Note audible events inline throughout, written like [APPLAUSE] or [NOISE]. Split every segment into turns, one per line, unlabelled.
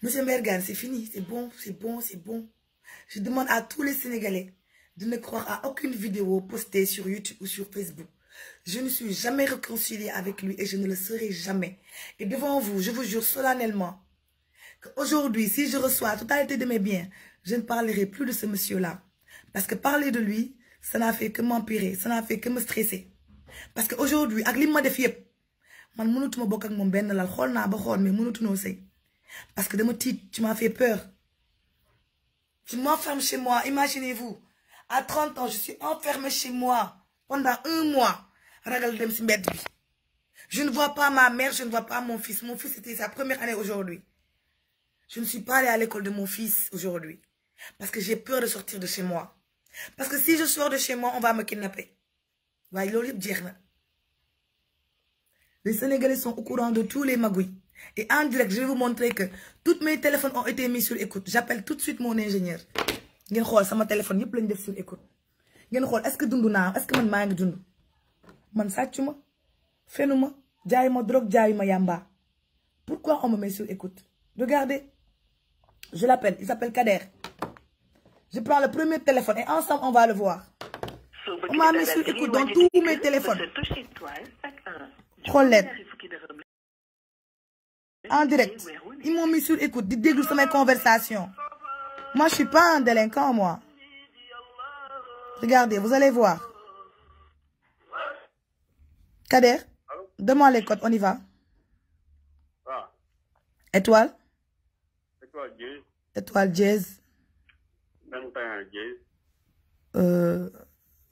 Monsieur Mergan, c'est fini, c'est bon, c'est bon, c'est bon. Je demande à tous les Sénégalais de ne croire à aucune vidéo postée sur YouTube ou sur Facebook. Je ne suis jamais réconciliée avec lui et je ne le serai jamais. Et devant vous, je vous jure solennellement qu'aujourd'hui, si je reçois la totalité de mes biens, je ne parlerai plus de ce monsieur-là. Parce que parler de lui, ça n'a fait que m'empirer, ça n'a fait que me stresser. Parce qu'aujourd'hui, avec l'imma de fiep, man mounoutou ma bokak mon ben lal, khol na ba khol, mais mounoutou no Parce que de mon titre, tu m'as fait peur. Je m'enferme chez moi. Imaginez-vous, à 30 ans, je suis enfermée chez moi pendant un mois. Je ne vois pas ma mère, je ne vois pas mon fils. Mon fils, c'était sa première année aujourd'hui. Je ne suis pas allée à l'école de mon fils aujourd'hui. Parce que j'ai peur de sortir de chez moi. Parce que si je sors de chez moi, on va me kidnapper. Les Sénégalais sont au courant de tous les magouilles. en direct, je vous montrer que toutes mes téléphones ont été mis sur écoute. J'appelle tout de suite mon ingénieur. ngeen xool sama téléphone yëpp lañu def sur écoute ngeen xool est-ce que dund naa est que man maa ngi dund man sàccu ma fenu ma jaayu ma drogue jaayu ma yàmba pourquoi on me sur écoute regardez je l'appelle il s'appelle Kader je prends le premier téléphone et ensemble on va le voir on m'a mis sur écoute dans tous mes téléphones xool leen en direct ils m'ont mis sur écoute di déglu samay conversation moi je suis pas un délinquant moi regardez vous allez voir Kader donne-moi on y va ah. étoile étoile jazz euh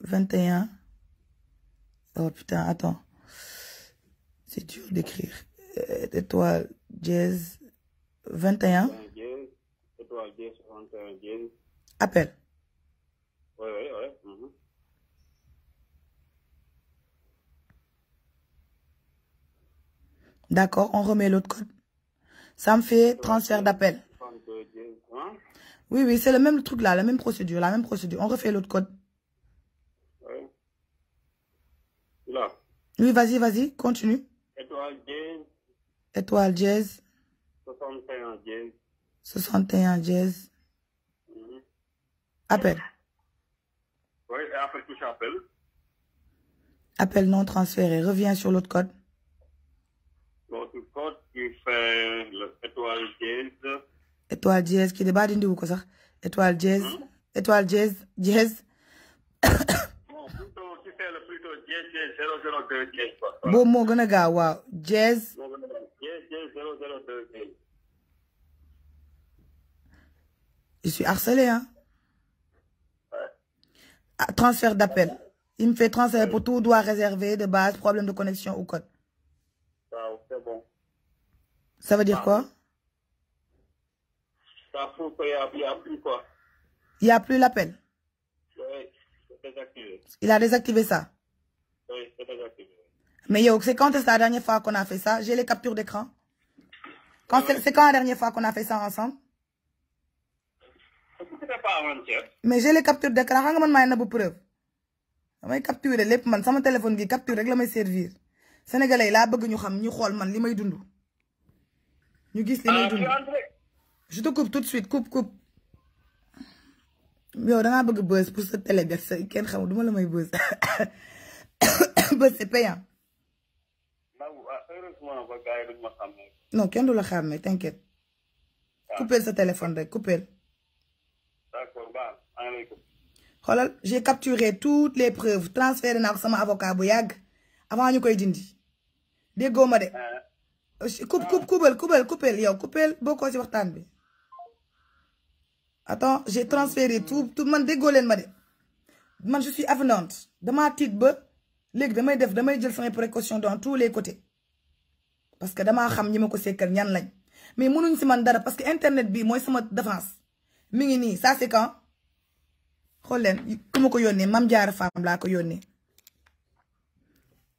21 oh putain attends c'est dur d'écrire euh, étoile dièse 21. étoile dièse on remet l'autre code. Ça me fait transfert d'appel. Oui, oui, c'est le même truc là, la même procédure, la même procédure. On refait l'autre code. Là. Oui, vas-y, étoile dièse. 61 dièse. 61 dièse. appel. oui appel touche appel. appel non transféré reviens sur l'autre code. l'autre code qui fait l'étoile dièse. étoile dièse kii de baa dindiwu ko sax étoile dièse. Hmm? étoile dièse dièse. yes yes zero zero a gaaw waaw jazz yes yes zero zero deux je suis harcelé hein ah, transfert d'appel il me fait transfert pour tout droit réservé de base problème de connexion ou code waaw c'est bon ça veut dire ah. quoi ça prouve qu'il n'y a plus mais yow c'est quand est-ce la dernière fois qu'on a fait ça j'ai les captures d'écran quand c'est quand la dernière fois qu'on a fait ça ensemble. mais j'ai les d'écran xam nga man maay nabu preuve damay capturer lépp man sama téléphone bi capture rek la may servir sénégalais laa bëgg ñu xam ñu xool man li may dund. ñu gis li may dund je te coupe tout de suite coupe coupe. yow da bëgg buzz pour sa télé bi ak sa kenn xamul duma la may buzz. [LAUGHS] ba c'est payant. kenn du la xàmmee t'inquiète. coupeel sa téléphone rek coupeel. xoolal j'ai capturé toutes les preuves transféré naa ko sama avocat bu yàgg avant ñu koy dindi déggoo ma de. Ah. coupe coupe coupeel coupeel coupeel yow coupeel bokkoo ci waxtaan bi. attends j'ai transféré tout man déggoo leen ma de man je suis avenante tiit ba. léegi damay def damay jël samay précaution dans tous les côtés parce que damaa xam ñi ma ko sekkal ñan lañ mais mënuñ si man dara parce que internet bi mooy sama défense mi ngi nii saa c'est xool leen ku ma ko yónnee Mame Diarra Fam laa ko yónnee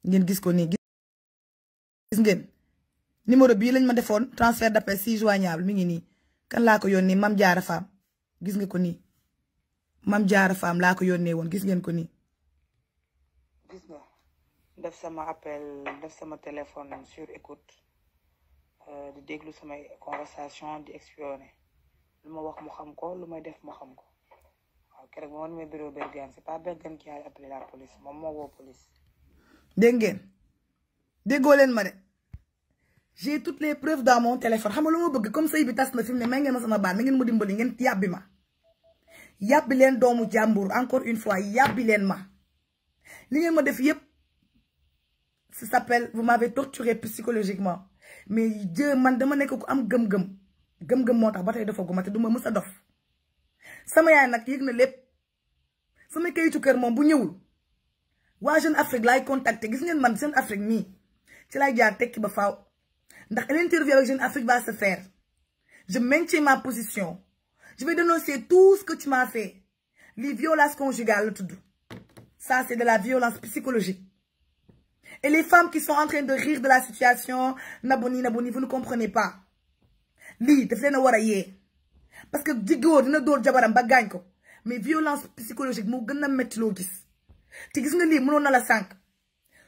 ngeen gis ko nii gis ngeen numéro bii lañ ma defoon transfert d'appel si joignable mi ngi nii kan laa ko yónnee Mame Diarra Fam gis nga ko nii man Diarra Fam laa ko yónnee woon gis ngeen ko nii gis nga def sama appel def sama téléphone sur écoute euh, di déglu samay conversation di espionné lu ma wax mu xam ko lu may def mu xam ko waaw keroog ma ma bureau Bergane c'est pas Bergane qui a appelé la police moom moo woo police. dégg déggoo leen ma de j'ai toutes les preuves dans mon téléphone xam nga lu bëgg comme sëy bi tas na fi mu may ngeen ma sama baat na ngeen ma dimbali ngeen yàbbi ma yàbbi leen doomu jàmbur encore une fois yàbbi leen li ngeen ma def yëpp ça s'appelle vous m'avez torturé psychologiquement mais Dieu man dama nekk ku am gëm-gëm gëm-gëm moo tax ba tey dafa guma te du ma mës a dof sama yaay nag yëg na lépp sama kayitu kër moom bu ñëwul waa Jeune Afrique laay contacter gis ngeen man Jeune Afrique nii ci laay jaar tekki ba faaw ndax l'interview avec Jeune Afrique va se faire je maintiens ma position je vais dénoncer tout ce que tu m'as fait les violences conjugales la tudd Ça, c'est de la violence psychologique. Et les femmes qui sont en train de rire de la situation, Naboni, Naboni, vous ne comprenez pas. Li, Parce que Digo, na door jabaram ba gaañ ko. Mais violence psychologique moo gën a métti loo gis. te gis nga lii mënoon na la sànq.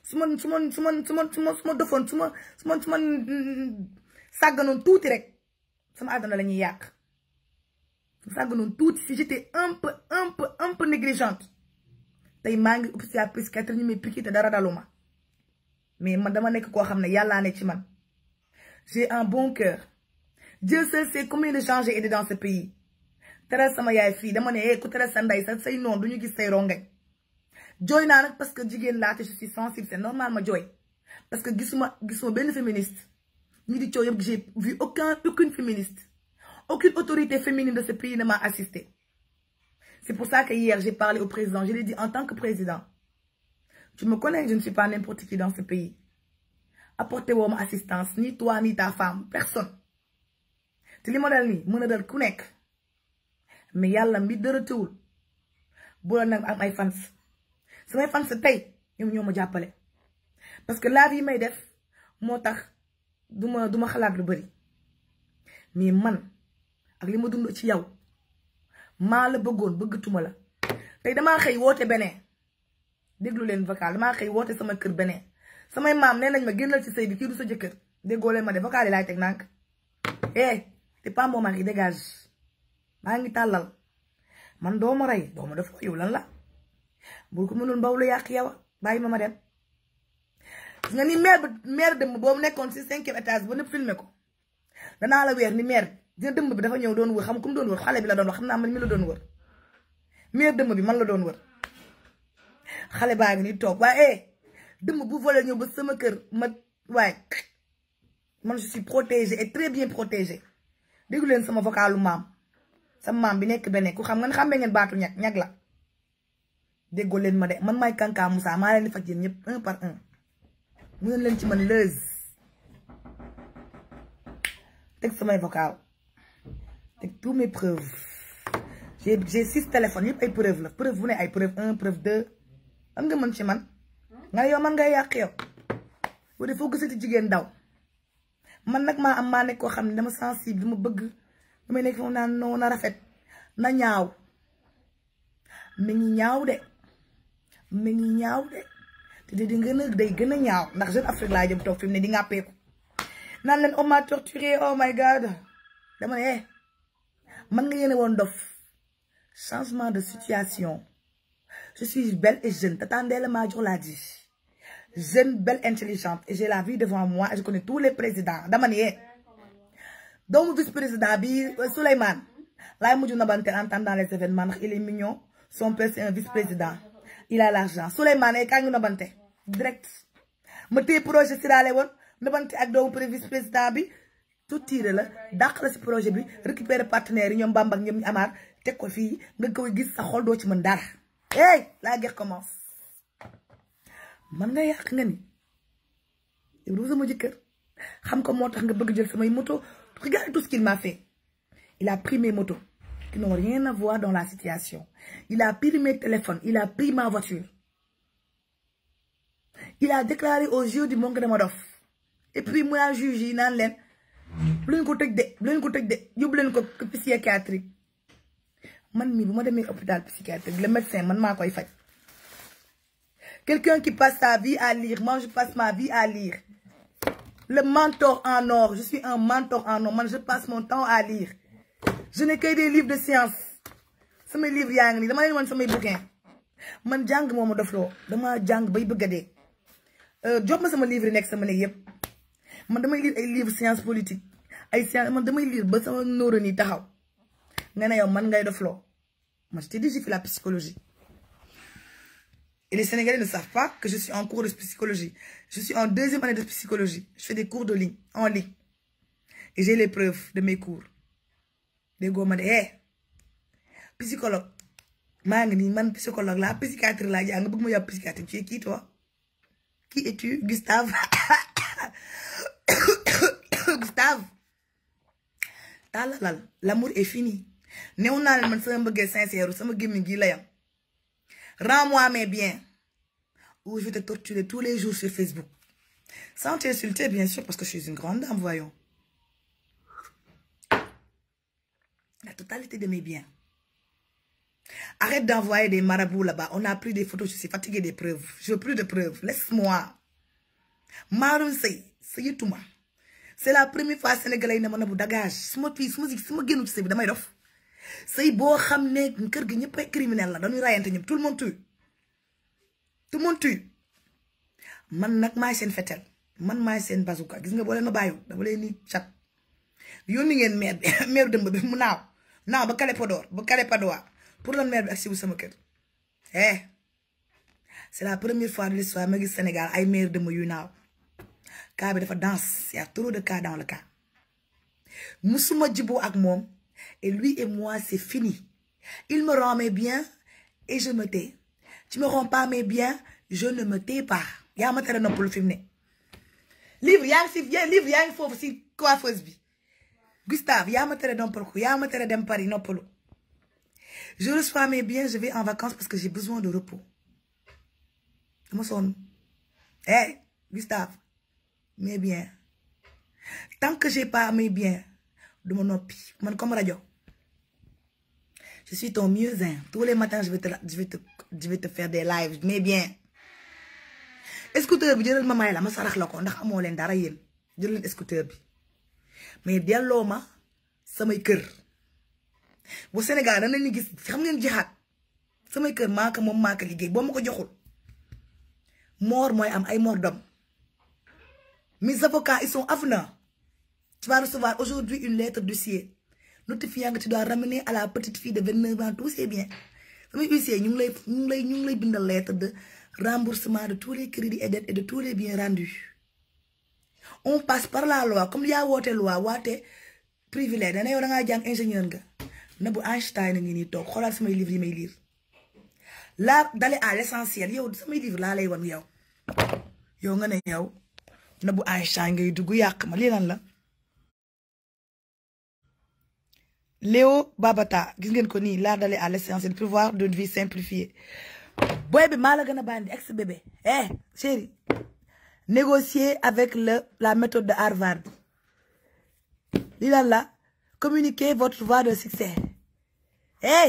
su ma su ma su ma su ma su ma su ma defoon su ma su ma su ma mm, tuuti rek sama àdduna la ñuy yàq. sàgganoon tuuti si j'étais un peu un peu un peu négligente. tey maa ngi hôpital psychiatrique ñu may piqué te dara daluma mais man dama nekk koo xam ne yàllaa ne ci man j'ai un bon cœur Dieu seul sait combien de gens j'ai dans ce pays tere sama yaay fii dama ne eh ku tere sa ndey sa say noonu du ñu gis say rongañ jooy naa nag parce que jigéen laa te je suis sensible c'est normal ma jooy parce que gisuma gisuma benn féministe ñi di coow yëpp j'ai vu aucun aucune féministe aucune autorité féminine de ce pays ne m'a assisté C'est pour ça que hier, j'ai parlé au président. Je lui ai en tant que président, tu me connais, je ne suis pas n'importe qui dans ce pays. Apportez-moi mon assistance, ni toi, ni ta femme, personne. te li ma dal nii mën a dal ku nekk mais yàlla mi dara tëwul bu la nag am ay fans samay fans tey ñoom ñoo ma jàppale parce que laaj yi may def moo tax du ma du ma xalaat lu bari mais man ak li ma dund ci yow maa la bëggoon bëggatuma la tey damaa xëy woote beneen déglu leen vocal damaa xëy woote sama kër beneen samay maam nee nañ ma génnal ci sëy bi kii du sa jëkkër déggoo leen ma de vocal yi laay teg nànk eh te pas mon mari dégage maa ngi tàllal man doo ma rey doo ma def ko lan la bul ko mënul mbaw lu yàq yow bàyyi ma ma dem nga ni maire bi maire dem boobu nekkoon si cinquième étage ba nëpp filmé ko danaa la weer ni maire dina dëmb bi dafa ñëw doon wër xam ku mu doon wër xale bi la doon wax xam naa man mi la dëmb bi man la doon wër xale baa ngi nii toog waaye eh, dëmb bu volé ñëw ba sama kër ma waaye man je protégé protégée et très bien protégée déglu leen sama vocalu maam sama maam bi nekk nekk ku xam nga xàmmee ngeen baatu ñag ñag la déggoo leen ma de man maay Kanka Moussa maa leen di faj yéen ñëpp un par mu ngeen leen ci man lëz teg samay vocal avec tous mes preuves six téléphones yëpp ay preuve la preuve bu ne ay preuve un preuve deux am nga mën ci man nga ne yow man nga yàq yow bu dee foo gisati jigéen daw man nag ma am maa nekk koo xam ne dama sensible dama bëgg damay nekk foofu naan noo na rafet na ñaaw mi ñaaw de mi ngi ñaaw de te di di gën a day gën a ñaaw ndax jeune Afrique laa jëm toog fi ne di ngàppeeku naan oh ma torturé oh my god dama ne eh, man nga yéene woon dof changement de situation je suis belle et jeune t'attendais le maa jox laa ji jeune belle intelligente et j'ai la vi devant moi et je connais tous les présidents dama ne yee doomu vice président bi euh, Souleymane laay mujj na banteel en temps dans les événements ndax il est mignon son père c'est un vice il a l'argent Souleymane ay kaa ngi nobante direct ma téye projet si daale woon nobante ak doomu vice président bi tout tire la dàq si projet bi récupérer partenaires yi ñoom Bamba ak ñoom ñu amaar teg ko fii nga koy gis sa xol doo ci mën dara. hey la guerre commence man nga yàq nga ni yow doo sama xam ko moo tax nga bëgg jël samay moto regarde tout ce qu'il m'a fait il a pris mes motos qui rien à voir dans la situation il a pris mes il a pris ma voiture il a déclaré aux yeux du dama dof et puis moi juge yi naan leen. bu leen ko tëj de bu leen ko tëj de leen ko psychiatrique man mii bu ma demee hôpital psychiatrique le médecin man maa koy faj quelqu'un qui passe sa vie à lire moi je passe ma vie à lire le mentor en or je suis un mentor en or man je passe mon temps à lire je ne que des livres de science sama liir yaa ngi nii dama leen wan samay bouquin man jàng moo ma dofloo dama jàng bay bëgg a dee euh, jox ma sama livre yi nekk sama néeg yëpp man damay lire ay livres science politique ay science man damay lire ba sama neurones yi taxaw nga ne yow man ngay def loo moi je te dis j'ai la psychologie et les Sénégalais ne savent pas que je suis en cours de psychologie je suis en deuxième année de psychologie je fais des cours de ligne en ligne et j'ai les preuves de mes cours déggoo ma de eh psychologue maa ngi nii man psychologue la psychiatre laa jàng nga bëgg ma yàpp psychiatre tu es qui toi qui es-tu Gustave [COUGHS] Gustave tàllalal ah, l'amour est fini néew naa leen man sama mbëggee sincère sama gémmiñ gi la yam rends-moi mes biens ou je torturer tous les jours sur Facebook sans t'insulter bien sûr parce que je suis une grande dame voyons la totalité de mes biens arrête d'envoyer des marabouts là ba on a pris des photos je suis fatiguée des preuves je veux plus de preuves laisse-moi Maroon Seye sëyituma c'est la première fois sénégalais yi ne ma na bu dagage su ma fii su ma si su ma génnu ci sëy bi damay dof sëy boo xam ne kër gi ñëpp ay criminel la dañuy rayante ñëpp tout le monde tue tout le man nag maay seen fetel man maay seen bazooka gis nga boo leen ma bàyyiwul dama leen ni cat yónni ngeen maire bi [LAUGHS] maire dëmb bi mu naaw naaw ba kale Podor ba kale Padoa pour la maire bi ak si wu sama kër eh c'est la première fois de l'histoire ma gis senegal ay maire dëmb yu naaw. cas bi dafa danse y a trop de cas dans le cas musuma jiboo ak moom et lui et moi c'est fini il me rend mes biens et je me tais tu me rends pas mes biens je ne me tais pas yaa ma tere noppalu fi mu livre yaa ngi si livre yaa yaa ma tere noppalu je reçois mes biens je vais en vacances parce que j'ai besoin de repos dama eh Gustave mais bien tant que j'ai pas mes biens duma noppi man comme rajo je suis ton muezzin tous les matins je vais te je vais te je vais te faire des lives mes biens écouteur bi jëlal ma may la ma sarax la ko ndax amoo leen dara yéen jëlal écouteur bi mais delloo ma samay kër bu Sénégal danañ ñu gis xam ngeen jixaat samay kër maa moom maa ko liggéey boo ma ko joxul moor mooy am ay moor dom mis avocats, ils sont avenants. Tu vas recevoir aujourd'hui une lettre du CIE notifiant que tu dois ramener à la petite fille de 29 ans tous ses biens. Famille huissier, nous avons une lettre de remboursement de tous les crédits et dettes et de tous les biens rendus. On passe par la loi. Comme il y a une loi, une privilège. Il y a un ingénieur. Il y a Einstein qui est là. Regarde mes livres, mes livres. Là, d'aller à l'essentiel. yow y a des livres là. Il y a na bu Aïcha ngay dugg yàq ma lii lan la Léo Babata gis ngeen ko nii l'art d'aller à l'essentiel pour voir d'une vie simplifiée boy bi maa la gën a bandi ex bébé eh chérie négocier avec la méthode de Harvard lii lan la communiquer votre voie de succès eh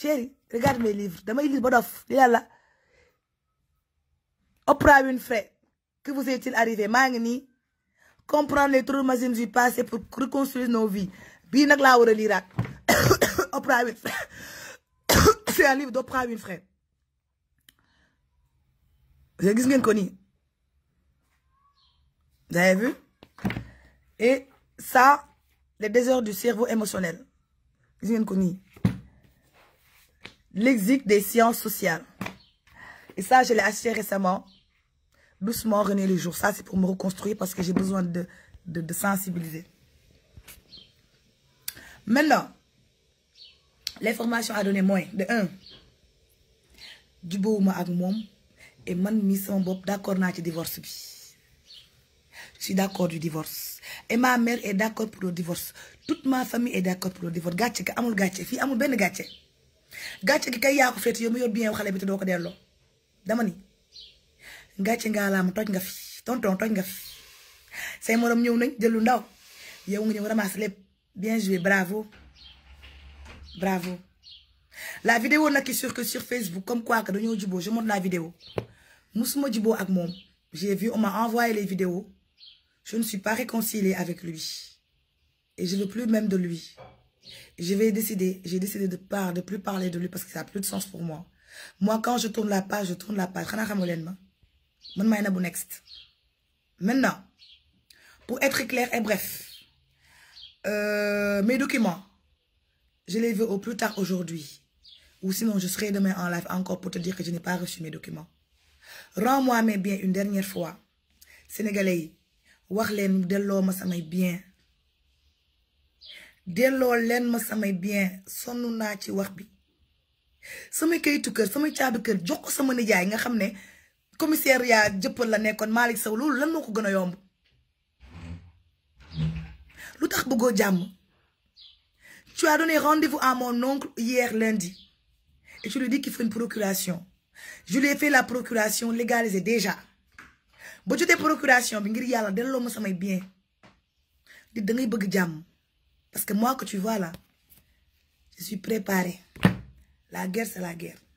chérie regarde mes livres damay lire ba dof lii lan la Oprah Winfrey Que vous est-il arrivé maa ngi nii comprendre les traumatismes du passé pour reconstruire nos vies bii nag laa war a liiraat [COUGHS] Oprah Winfrey [COUGHS] c'est un livre d'Oprah Winfrey gis ngeen ko nii vous avez vu et ça les déserts du cerveau émotionnel gis ngeen ko nii l'exil des sciences sociales et ça je l'ai acheté récemment doucement René les jours. Ça, c'est pour me reconstruire parce que j'ai besoin de, de, de, sensibiliser. Maintenant, l'information a donné moins de 1. Jubóowuma ak moom et man mii sama bopp d'accord naa ci divorce bi je suis d'accord du divorce et ma maire et d'accord pour le divorce toute ma famille est d'accord pour le divorce gàcce gi amul gàcce fii amul benn gàcce gàcce gi kay yaa ko féete yow mi yor bien xale bi te doo ko delloo dama ni. ngàcce ngaalaam toj nga fi tonton toj nga fi say morom ñëw nañ jël ndaw yow nga ñëw ramasse lépp bien joué bravo bravo la vidéo nag sur que sur Facebook comme quoi que dañoo juboo je montre la vidéo musuma juboo ak moom j'ai vu on m'a envoyé les vidéos je ne suis pas réconciliée avec lui et je veux plus même de lui je vais décider j'ai décidé de parler de lui parce que ça a plus de sens pour moi moi quand je tourne la page je tourne la page xanaa xamu leen ma man maay Nabou Next maintenant pour être clair et bref euh, mes documents je les veux ou sinon je serai demain en live encore pour te dire que je n'ai pas reçu mes documents rends-moi mes biens une dernière fois sénégalais yi wax leen delloo ma samay bien delloo leen ma samay bien sonn naa ci wax bi samay kayitu kër samay caabi kër jox ko sama nijaay nga xam ne commissariat jëppal la nekkoon Malick Sow loolu lan moo ko gën a yomb lu tax bëggoo jàmm tu as donné rendez-vous à mon oncle hier lundi et je lui dis qu'il faut une procuration je lui ai la procuration légalisée déjà ba jotee procuration bi ngir yàlla delloo ma samay bien di da bëgg jàmm parce que moi que ci voilà là je suis préparée la guerre c'est la guerre